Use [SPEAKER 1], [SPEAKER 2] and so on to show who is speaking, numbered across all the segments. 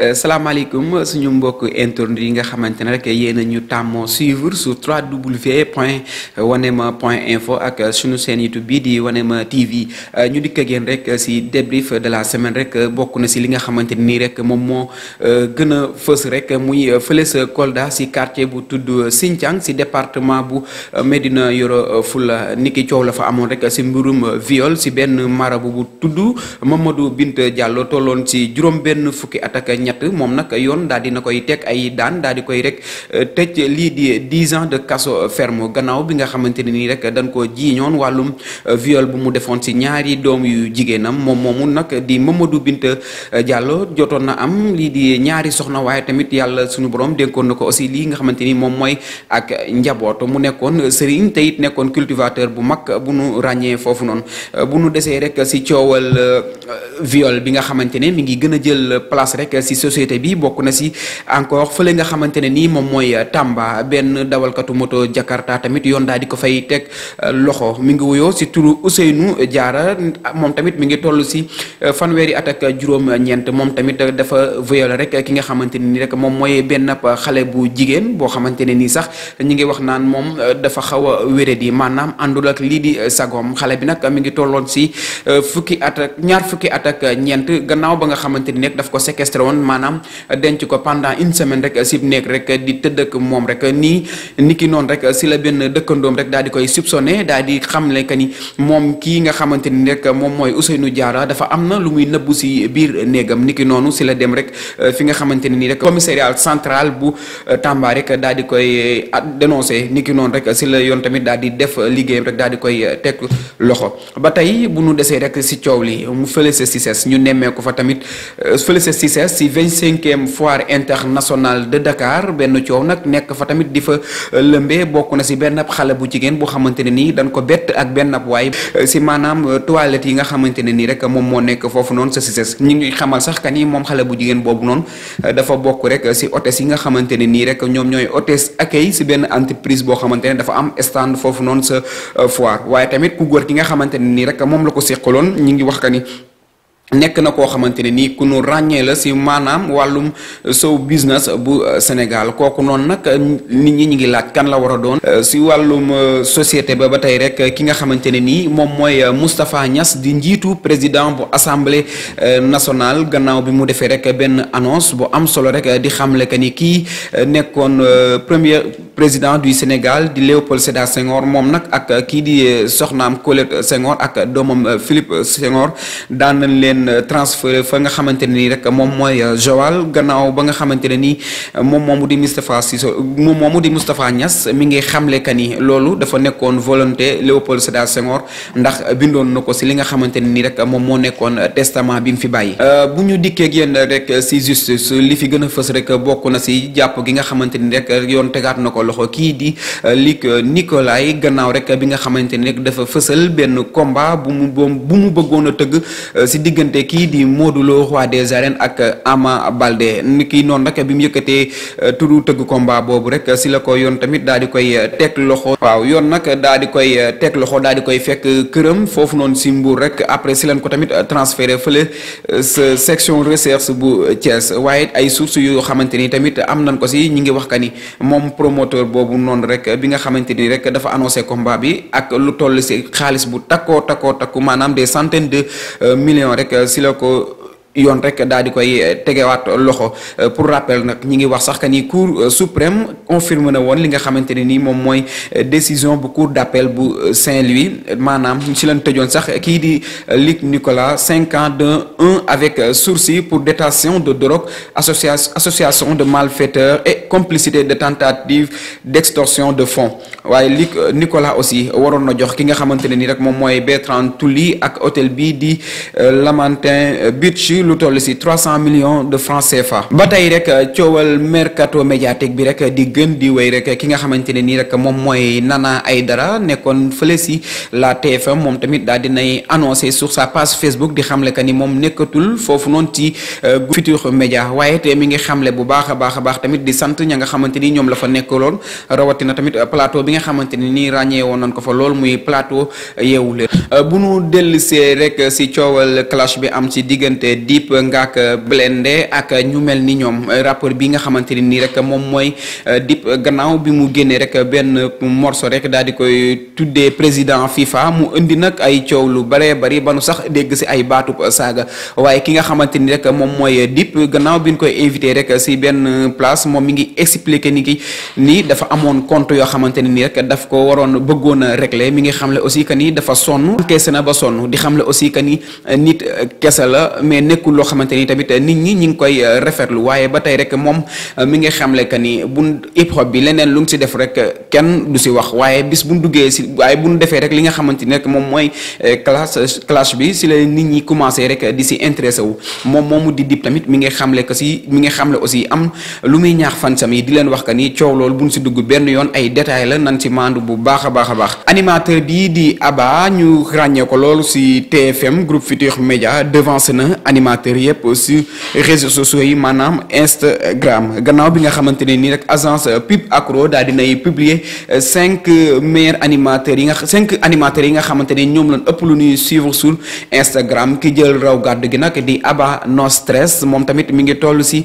[SPEAKER 1] Euh, salaamaaleykum suñu mbokk internet yi nga xamante ne rek yéen a ñu tàmmoo suivre sur www point wane wanema point info ak suñu seen YouTube bii di wane wanema TV euh, ñu dikk ak rek si débrief de la semaine rek euh, bokk na si li nga xamante nii rek moom moo gën a fës rek muy fële sa Kolda si quartier bu tudd Sinthiang si département bu Médina Yoro Fula niki coow la fa amoon rek si mbirum viol si benn marabu bu tudd Mamadou Bint Diallo tolloon si juróom ñett mom nak yoon dal dina koy tek ay daan dal di koy rek eh, tech li di 10 ans de kaso fermo gannaaw bi nga xamanteni ni rek dan ko ñoon walum eh, viol bu mu nyari ci ñaari doom yu jigeenam mom momu nak di Mamadou bintu eh, Diallo jotoon na am li di ñaari soxna waye tamit yalla suñu borom dénkoon na ko aussi li nga xamanteni mom moy ak njaboto mu nekkon serigne te it nekkoon cultivateur bu mak bu nu fofu non bu nu rek si ciowal viol bi nga xamanteni mi ngi gëna jël place rek si société bi bokku na si encore fele nga xamantene ni mom moy euh, tamba Tamba dawal katu moto Jakarta tamit yon daal di ko fay tek euh, loxo mi ngi wuyo ci turu Ousseynou diara mom tamit mi ngi tollu euh, ci fanweri atak jurom ñent mom tamit dafa violé rek ki nga xamantene ni rek mom moy ben xalé bu jigen bo xamantene ni sax ñi ngi wax naan mom dafa xawa wéré di manam andul ak li di sagom xalé bi nak mi ngi tollon ci fukki atak ñaar fukki atak ñent gannaaw ba nga xamantene nek daf ko séquestré maanaam denc ko pendant une semaine rek sib néeg rek di tëddëk moom rek nii ni ki noonu rek si la benn dëkkandoom rek daal di koy soupçonné daal di xamle que ni moom kii nga xamante ni rek moom mooy nu jaara dafa am na lu muy nëbbu si biir néegam ni ki noonu si la dem rek euh, fi nga xamante ne nii rek commissariat centrale bu euh, Tamba rek daal di koy euh, dénoncé ni ki noonu rek si la yoon tamit daal di def liggéeyam rek daal di koy teg loxo ba tey bu nu desee rek si coow li mu ñu nemmee tamit 25e foire internationale de Dakar ben ciow nak nek fa tamit difa euh, lembe bokku na si ben ab xale bu jigen bu xamanteni ni dan ko bet ak ben si euh, maanaam euh, toilette yi nga xamanteni ni rek mom mo nek fofu non sa si ñi ngi xamal sax kan yi mom xale bu jigen bobu non dafa bokku rek si hôtesse yi nga xamanteni ni rek ñom ñoy hôtesse accueil si ben entreprise bo xamanteni dafa am stand fofu non sa foire waye tamit ku góor ki nga xamanteni ni rek mom la ko seqaloon ñi ngi wax kan nek na ko xamante ni kunu ragne la si manam walum euh, so business bu euh, Senegal. koku non nak euh, nit ñi ñi ngi laaj kan la wara doon si walum société ba batay rek ki nga xamante ni mom moy mustapha Niass di njitu président bu assemblée nationale gannaaw bi mu defé rek ben annonce bu am solo rek di xamle ke ni ki nekkon premier président du Senegal di Leopold Sédar Senghor mom nak ak ki di soxnam Colette Senghor ak domam Philippe Senghor daan nañ leen ben transfer fa nga xamanteni ni rek mom moy euh, Joal gannaaw ba nga xamanteni ni euh, mom momu di Moustapha Cissokho mom momu di Moustapha Niass mi ngi xamle que ni loolu dafa nekkoon volonté Léopold Sédar Senghor ndax bindon nako ci li nga xamanteni ne rek mom mo nekkoon testament bi mu fi bayyi euh, bu ñu ak yeen rek si justice li fi gëna fess rek bokku na si japp gi nga xamanteni rek yon tegaat nako loxo ki di lik gannaaw rek bi nga xamanteni defa rek dafa fessel ben combat bu mu bu mu bëggoon diggante kii di Modou Lo des arènes ak euh, Ama Baldé kii noonu nag bi mu yëkkatee euh, turu tëgg combat boobu rek si la ko yoon tamit daal di koy euh, teg loxo waaw yoon nag daal di koy teg loxo daal di koy fekk këram foofu noonu si mbuur rek après si lañ ko tamit transféré fële sa section recherche bu Thiès waaye ay sources yoo xamante ni tamit am nañ ko si ñi ngi wax ka ni moom promoteur boobu noonu rek bi nga xamante ni rek dafa annoncé combat bi ak lu toll si xaalis bu takkoo takkoo takk maanaam des centaines de millions rek si lo yoon rek daal di koy eh, tegewaat loxo eh, pour rappel nag ñi ngi wax sax que ni cour eh, suprême confirme na woon li nga xamante ni nii moom mooy décision bu cour d'appel bu Saint-Louis maanaam ci lañ tëjoon sax kii di Luc Nicolas cinq ans un avec sursis pour détention de drogue association association de malfaiteurs et complicité de tentative d'extorsion de fonds waaye Luc Nicolas aussi waroon na jox ki nga xamante ni nii rek moom mooy Bertrand Tully ak hôtel bi di Lamantin Beach lu toll 300 millions de francs CFA bataille tey rek euh, coowal mercato médiatique bi rek di gën di wéy rek ki nga xamanteni ni rek mom moy Nana Aidara nekkoon fële si la TFM mom tamit daal dinay annoncé sur sa page Facebook di xamle que ni mom nekkatul fofu non ci euh, Futurs Médias waaye te mi ngi xamle bu baax a baax tamit di sante ña nga xamante ni la fa rawati na tamit euh, plateau bi nga xamanteni ni nii ràññee woon ko fa lool muy plateau yewul bu nu dellusee rek si coowal clash bi am ci diggante Dip Ngak Blende ak ñu mel ni ñoom euh, rapport bi nga xamante ni nii rek moom mooy euh, Dip gannaaw bi mu génnee rek benn morceau rek daal di koy tuddee président FIFA mu indi nag ay coow lu baree bari ba nu sax dégg si ay baatub saaga waaye ki nga xamante ni rek moom mooy Dip gannaaw bi ñu koy invité rek si benn place moom mi ngi expliqué ni ki ni dafa amoon compte yoo xamante ne nii rek daf ko waroon bëggoon a régler mi ngi xamle aussi que nii dafa sonn encaissé na ba sonn di xamle aussi que ni nit kese la mais nekkul lo xamanteni tamit eh, nit ñi ñi ngi koy eh, rafetlu waye ba tay rek mom eh, mi ngi xamle que ni bu hip hop bi leneen lu ngi ci def rek kenn du ci wax waye bis bu duggé si waye bu defee rek li nga xamanteni rek mom moy classe classe bi ci lay nit ñi commencé rek di si intéressé wu mom momu di dip tamit mi ngi xamle que ci mi ngi xamle aussi am lu muy ñaax fan sam yi di leen wax que ni coow ci dugg ben yoon ay détail la nan ci mandu bu baaxa baaxa baax animateur bi di aba ñu ràññee ko si TFM groupe Futurs Media devance na animateur animateurs yëpp sur réseaux sociaux et manam Instagram gannaaw bi nga xamante rek agence euh, Pub Acro daal dinay publier 5 euh, euh, meilleurs animateurs 5 5 animateurs nga xamanteni ñom ñoom lañ lu ñuy suivre sur Instagram ki jël raw de gi nak di Aba No Stress mom tamit mi ngi tollu ci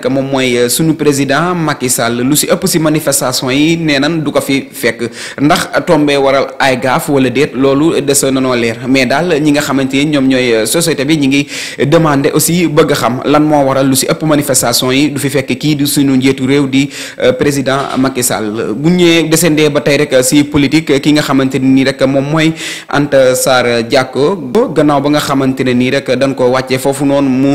[SPEAKER 1] nak mom moy eh, sunu président Macky Sall lu si ëpp ci manifestation yi nenañ ndak du ko fi fekk ndax waral ay gaaf wala déet lolu dese nañu leer mais dal ñi nga xamanteni ñom ñoy tapi eh, société bi ñi ngi demander aussi bëgg xam lan mo waral lu ci ëpp manifestation yi du fi fekk ki du sunu njiitu rew di eh, président Macky Sall bu ñëwee desendee ba tay rek si politique ki nga xamanteni ni rek moom mooy Anta Sarr Diacko gannaaw ba nga xamanteni ni rek dañ ko wàccee fofu non mu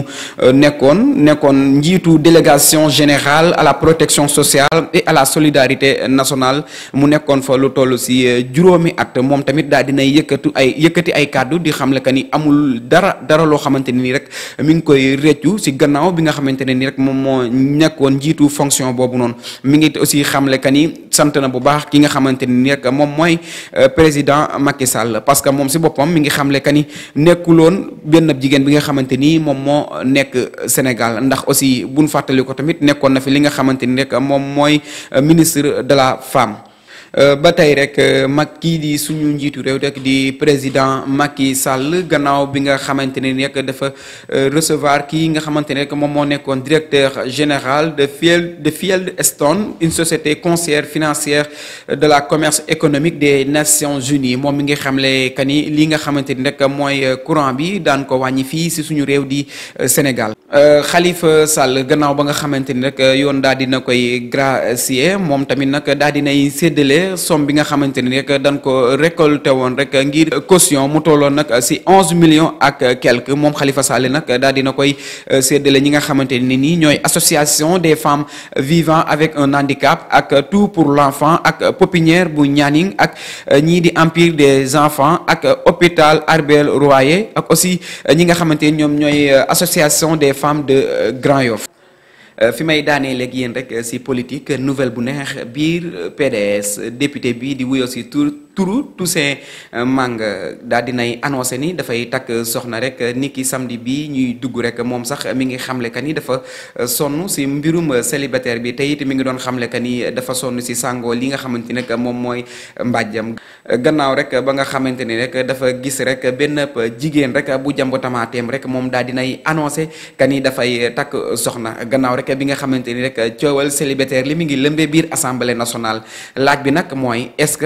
[SPEAKER 1] nekkon nekkoon njiitu délégation générale à la protection sociale et à la solidarité nationale mu nekkoon fa lu toll ci euh, juróomi at mom tamit daal dina yëkkatu ay yëkëti ay kàddu di xamle que ni amul dara dara lo xamanteni ni rek mi ngi koy réccu ci gannaaw bi nga xamanteni ni rek mom mo nekkoon jitu fonction bobu non mi ngi aussi xamle que ni sant na bu baax ki nga xamanteni ni rek mom moy euh, président Macky Sall parce que mom ci bopam mi ngi xamle que ni nekkuloon benn jigéen bi nga xamanteni ni mo nekk Sénégal ndax aussi buñu fàttali ko tamit nekkoon na fi li nga xamante ni rek moom mooy euh, ministre de la femme Euh, ba tey rek euh, mag kii di suñu njitu rew rek di président Macky Sall gannaaw bi nga xamante nek dafa euh, recevoir ki nga xamante ne rek moom moo nekkoon directeur général de Fiel de fiel stone une société conseillère financière de la commerce économique des Nations Unies mom mi nga xamlé kani li nga xamante ni rek mooy courant bi daan ko wañi fi ci suñu rew di Sénégal. Khalifa Sall gannaaw ba nga xamante ni rek yoon daal dina koy gracier mom tamit nak daal dinay séddale loolee somme bi nga xamanteni ni rek dañ ko récolté won rek ngir caution mu tolon nak ci onze millions ak quelque mom Khalifa Sall nak dal dina koy euh, sédélé ñi nga xamanteni ni ñoy association des femmes vivant avec un handicap ak tout pour l'enfant ak pépinière bu Nianing ak euh, ñi di empire des enfants ak hôpital Arbel Royer ak aussi euh, ñi nga xamanteni ni ñoy association des femmes de Grand Yoff euh, fi may daanee léegi rek euh, si politique euh, nouvelle bu neex biir PDS député bi di wuyoo si turu Toussaint euh, Manga daal dinay annoncé ni dafay takk soxna rek euh, ni ki samedi bi ñuy dugg rek moom sax mi ngi xamle ka nii dafa euh, sonn si mbirum célibataire bi te it mi ngi doon xamle ka ni dafa sonn si sàngoo li nga xamante ni moom mooy mbàjjam gannaaw rek ba nga xamante ni rek dafa gis rek benn jigéen rek bu jàmb tamaateem rek moom daal dinay annoncé ka nii dafay takk soxna gannaaw rek bi nga xamante ni rek coowal célibataire li mi ngi lëmbee biir assemblée nationale laaj bi nag mooy est-ce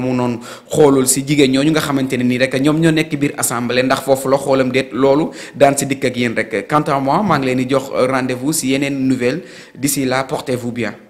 [SPEAKER 1] moomu noonu xoolul si jigéen ñooñu nga xamante ne nii rek ñoom ñoo nekk biir assemblée ndax foofu la xoolam déet loolu daan si dikk ak yéen rek quant à maa ngi leen di jox rendez-vous si yeneen nouvelle d'ici la portez-vous bien